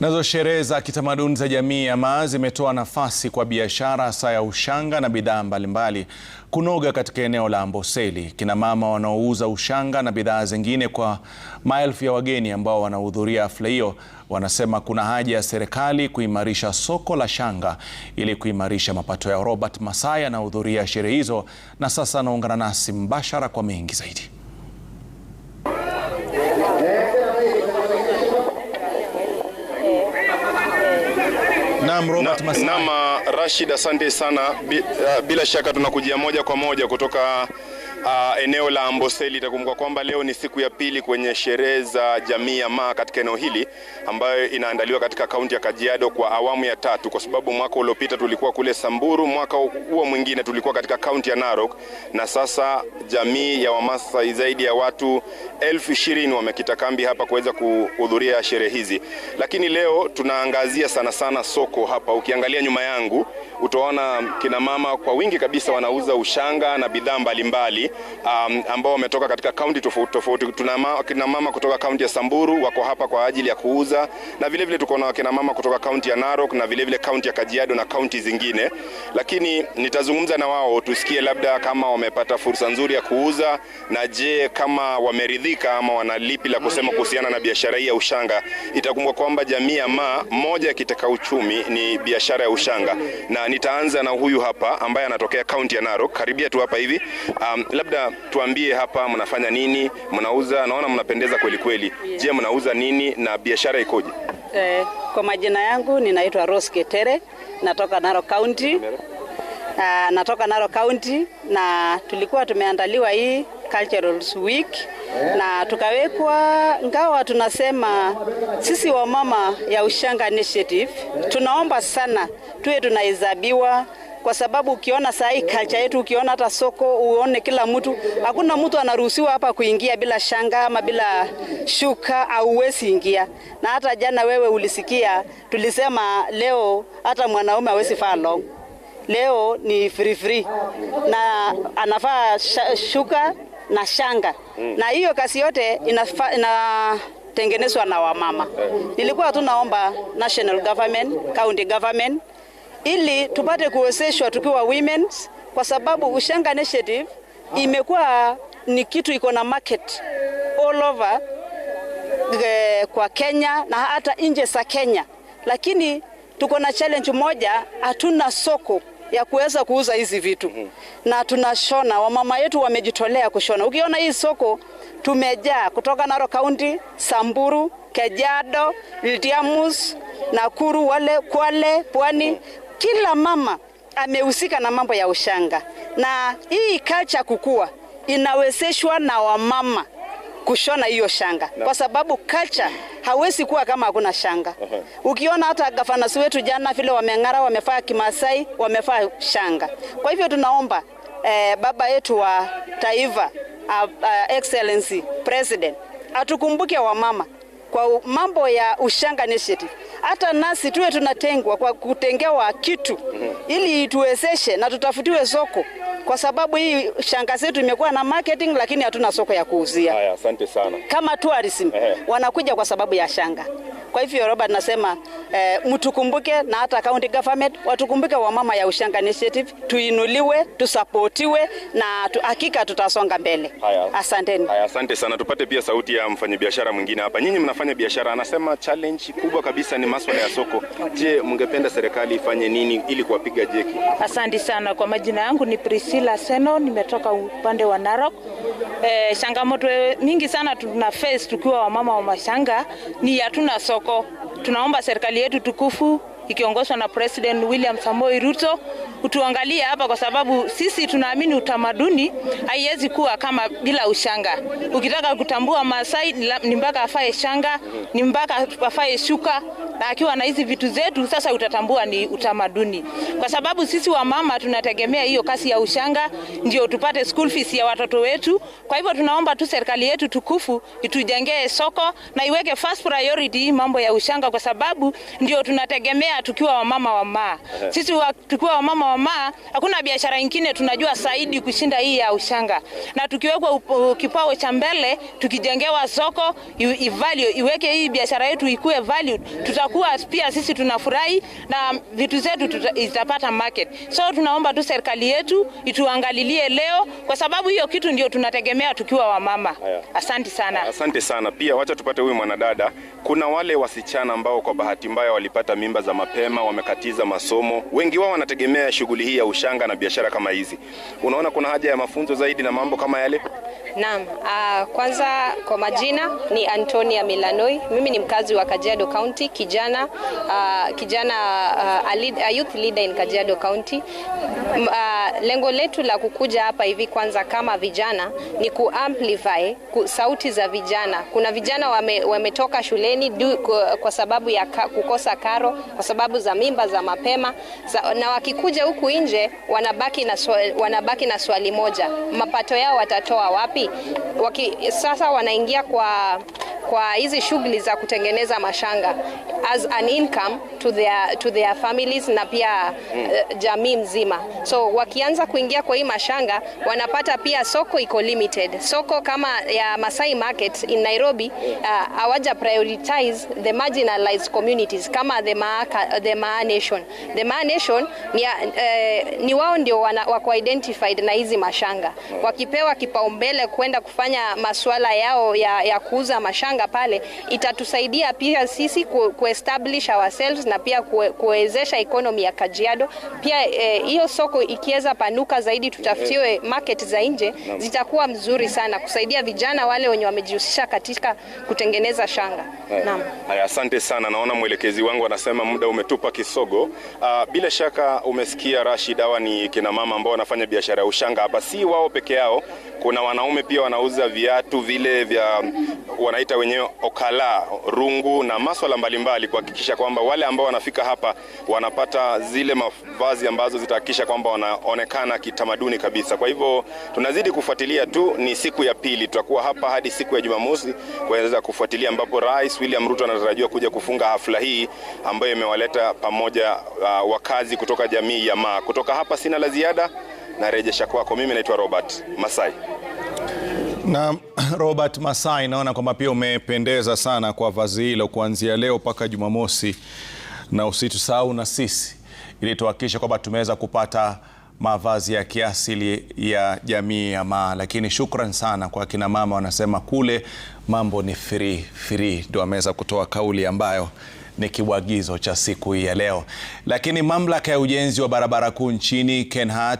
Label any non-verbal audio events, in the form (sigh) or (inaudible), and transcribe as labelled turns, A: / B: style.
A: Nazo sherehe za kitamaduni za jamii ya Maa zimetoa nafasi kwa biashara hasa ya ushanga na bidhaa mbalimbali kunoga katika eneo la Amboseli. Kina mama wanaouza ushanga na bidhaa zingine kwa maelfu ya wageni ambao wanahudhuria hafla hiyo wanasema kuna haja ya serikali kuimarisha soko la shanga ili kuimarisha mapato yao. Robert Masai anahudhuria sherehe hizo na sasa anaungana nasi mbashara kwa mengi zaidi.
B: Salaam Robert Masai. Naam, Rashid, asante sana. Uh, bila shaka tunakujia moja kwa moja kutoka uh, eneo la Amboseli. Itakumbuka kwamba leo ni siku ya pili kwenye sherehe za jamii ya Maa katika eneo hili ambayo inaandaliwa katika kaunti ya Kajiado kwa awamu ya tatu, kwa sababu mwaka uliopita tulikuwa kule Samburu, mwaka huo mwingine tulikuwa katika kaunti ya Narok, na sasa jamii ya Wamasai zaidi ya watu elfu ishirini wamekita kambi hapa kuweza kuhudhuria sherehe hizi, lakini leo tunaangazia sana sana soko hapa. Ukiangalia nyuma yangu utaona kina mama kwa wingi kabisa wanauza ushanga na bidhaa mbalimbali um, ambao wametoka katika kaunti tofauti tofauti. Tuna kina mama kutoka kaunti ya Samburu wako hapa kwa ajili ya kuuza, na vile vile tuko na kina mama kutoka kaunti ya Narok na vile vile kaunti ya Kajiado na kaunti zingine, lakini nitazungumza na wao tusikie labda kama wamepata fursa nzuri ya kuuza na je, kama wameridhika ama wana lipi la kusema kuhusiana na biashara hii ya ushanga. Itakumbukwa kwamba jamii ya Maa, moja ya kiteka uchumi ni biashara ya ushanga, na nitaanza na huyu hapa ambaye anatokea kaunti ya Narok, karibia tu hapa hivi um, labda tuambie hapa mnafanya nini? Mnauza, naona mnapendeza kweli kweli. Yeah. Je, mnauza nini na biashara ikoje?
C: Eh, kwa majina yangu ninaitwa Rose Ketere, natoka Narok County. Uh, natoka Narok County na tulikuwa tumeandaliwa hii cultural Week na tukawekwa ngawa, tunasema sisi wamama ya Ushanga Initiative tunaomba sana tuwe tunahesabiwa kwa sababu ukiona saa hii culture yetu, ukiona hata soko, uone kila mtu, hakuna mtu anaruhusiwa hapa kuingia bila shanga ama bila shuka, au huwezi ingia. Na hata jana wewe ulisikia tulisema leo hata mwanaume hawezi faa long, leo ni free free, na anafaa shuka na shanga mm. na hiyo kazi yote inatengenezwa ina na wamama mm. nilikuwa tu naomba national government, county government ili tupate kuwezeshwa tukiwa women, kwa sababu ushanga initiative imekuwa ni kitu iko na market all over eh, kwa Kenya na hata nje za Kenya, lakini tuko na challenge moja, hatuna soko ya kuweza kuuza hizi vitu mm-hmm. na tunashona, wamama yetu wamejitolea kushona. Ukiona hii soko tumejaa kutoka naro County, Samburu, kejado Ildiamus, Nakuru, wale Kwale, Pwani mm-hmm. kila mama amehusika na mambo ya ushanga, na hii kacha kukua inawezeshwa na wamama kushona hiyo shanga kwa sababu kacha hawezi kuwa kama hakuna shanga. Ukiona hata gafanasi wetu jana vile wameng'ara, wamefaa Kimasai, wamefaa shanga. Kwa hivyo tunaomba eh, baba yetu wa taifa uh, uh, Excellency President atukumbuke wamama kwa mambo ya ushanga initiative, hata nasi tuwe tunatengwa kwa kutengewa kitu ili ituwezeshe na tutafutiwe soko kwa sababu hii shanga zetu imekuwa na marketing, lakini hatuna soko ya kuuzia.
B: Haya, asante sana.
C: Kama tourism wanakuja kwa sababu ya shanga. Kwa hivyo Robert, nasema eh, mtukumbuke na hata county government watukumbuke wamama ya Ushanga Initiative, tuinuliwe, tusapotiwe na tu, hakika tutasonga mbele. Asanteni.
B: Haya, asante sana. Tupate pia sauti ya mfanyabiashara mwingine hapa. Nyinyi mnafanya biashara, anasema challenge kubwa kabisa ni masuala ya soko. Je, mngependa serikali ifanye nini ili kuwapiga jeki?
C: Asante sana. Kwa majina yangu ni Priscilla Seno, nimetoka upande wa Narok. Eh, changamoto mingi sana tuna face tukiwa wamama wa mashanga ni hatuna soko Tunaomba serikali yetu tukufu ikiongozwa na President William Samoei Ruto utuangalie hapa, kwa sababu sisi tunaamini utamaduni haiwezi kuwa kama bila ushanga. Ukitaka kutambua maasai ni mpaka afae shanga, ni mpaka afae shuka na akiwa na hizi vitu zetu, sasa utatambua ni utamaduni, kwa sababu sisi wamama tunategemea hiyo kasi ya ushanga ndio tupate school fees ya watoto wetu. Kwa hivyo tunaomba tu serikali yetu tukufu itujengee soko na iweke first priority mambo ya ushanga, kwa sababu ndio tunategemea tukiwa wamama wa maa. Sisi wa, tukiwa wamama wa maa, hakuna biashara nyingine tunajua zaidi kushinda hii ya ushanga, na tukiwekwa kipao cha mbele, tukijengewa soko i, i value, iweke hii biashara yetu ikue value tuta tutakuwa pia sisi tunafurahi na vitu zetu zitapata itapata market. So tunaomba tu serikali yetu ituangalilie leo, kwa sababu hiyo kitu ndio tunategemea tukiwa wamama. Asante sana.
B: Asante sana pia, wacha tupate huyu mwanadada. Kuna wale wasichana ambao kwa bahati mbaya walipata mimba za mapema, wamekatiza masomo, wengi wao wanategemea shughuli hii ya ushanga na biashara kama hizi. Unaona kuna haja ya mafunzo zaidi na mambo kama yale?
C: Naam, uh, kwanza kwa majina ni Antonia Milanoi, mimi ni mkazi wa Kajiado County, Kija kijana uh, kijana uh, a, lead, a youth leader in Kajiado County uh, lengo letu la kukuja hapa hivi kwanza kama vijana ni ku ku, sauti za vijana. Kuna vijana wame, wametoka shuleni du, kwa sababu ya kukosa karo, kwa sababu za mimba za mapema za, na wakikuja huku nje wanabaki na, swali, wanabaki na swali moja, mapato yao watatoa wapi? Waki, sasa wanaingia kwa kwa hizi shughuli za kutengeneza mashanga as an income to their, to their families na pia uh, jamii mzima so wakia wakianza kuingia kwa hii mashanga wanapata pia soko iko limited. Soko kama ya Masai Market in Nairobi uh, hawaja uh, prioritize the marginalized communities kama the Maa, the Maa Nation. The Maa Nation ni, uh, ni wao ndio wako identified na hizi mashanga, wakipewa kipaumbele kwenda kufanya masuala yao ya, ya kuuza mashanga pale, itatusaidia pia sisi ku, ku establish ourselves na pia kuwezesha economy ya Kajiado pia eh, hiyo uh, soko ikiweza zinaweza panuka zaidi, tutafutiwe market za nje, zitakuwa mzuri sana kusaidia vijana wale wenye wamejihusisha katika kutengeneza shanga.
B: Naam, haya, asante sana. Naona mwelekezi wangu anasema muda umetupa kisogo. Uh, bila shaka umesikia Rashid, hawa ni kina mama ambao wanafanya biashara ya ushanga hapa. Si wao peke yao, kuna wanaume pia wanauza viatu vile vya wanaita wenyewe Okala rungu na maswala mbalimbali, kuhakikisha kwamba wale ambao wanafika hapa wanapata zile mavazi ambazo zitahakikisha kwamba wanaonekana kitamaduni kabisa. Kwa hivyo tunazidi kufuatilia tu, ni siku ya pili, tutakuwa hapa hadi siku ya Jumamosi kuweza kufuatilia, ambapo Rais William Ruto anatarajiwa kuja kufunga hafla hii ambayo imewaleta pamoja uh, wakazi kutoka jamii ya Maa. Kutoka hapa sina la ziada, narejesha kwako. Mimi naitwa Robert Masai.
D: Na (clears throat) Robert Masai, naona kwamba pia umependeza sana kwa vazi hilo kuanzia leo mpaka Jumamosi, na usitusahau na sisi ili tuhakikishe kwamba tumeweza kupata mavazi ya kiasili ya jamii ya Maa. Lakini shukran sana kwa kina mama, wanasema kule mambo ni free free, ndio ameweza kutoa kauli ambayo ni kibwagizo cha siku hii ya leo. Lakini mamlaka ya ujenzi wa barabara kuu nchini KenHa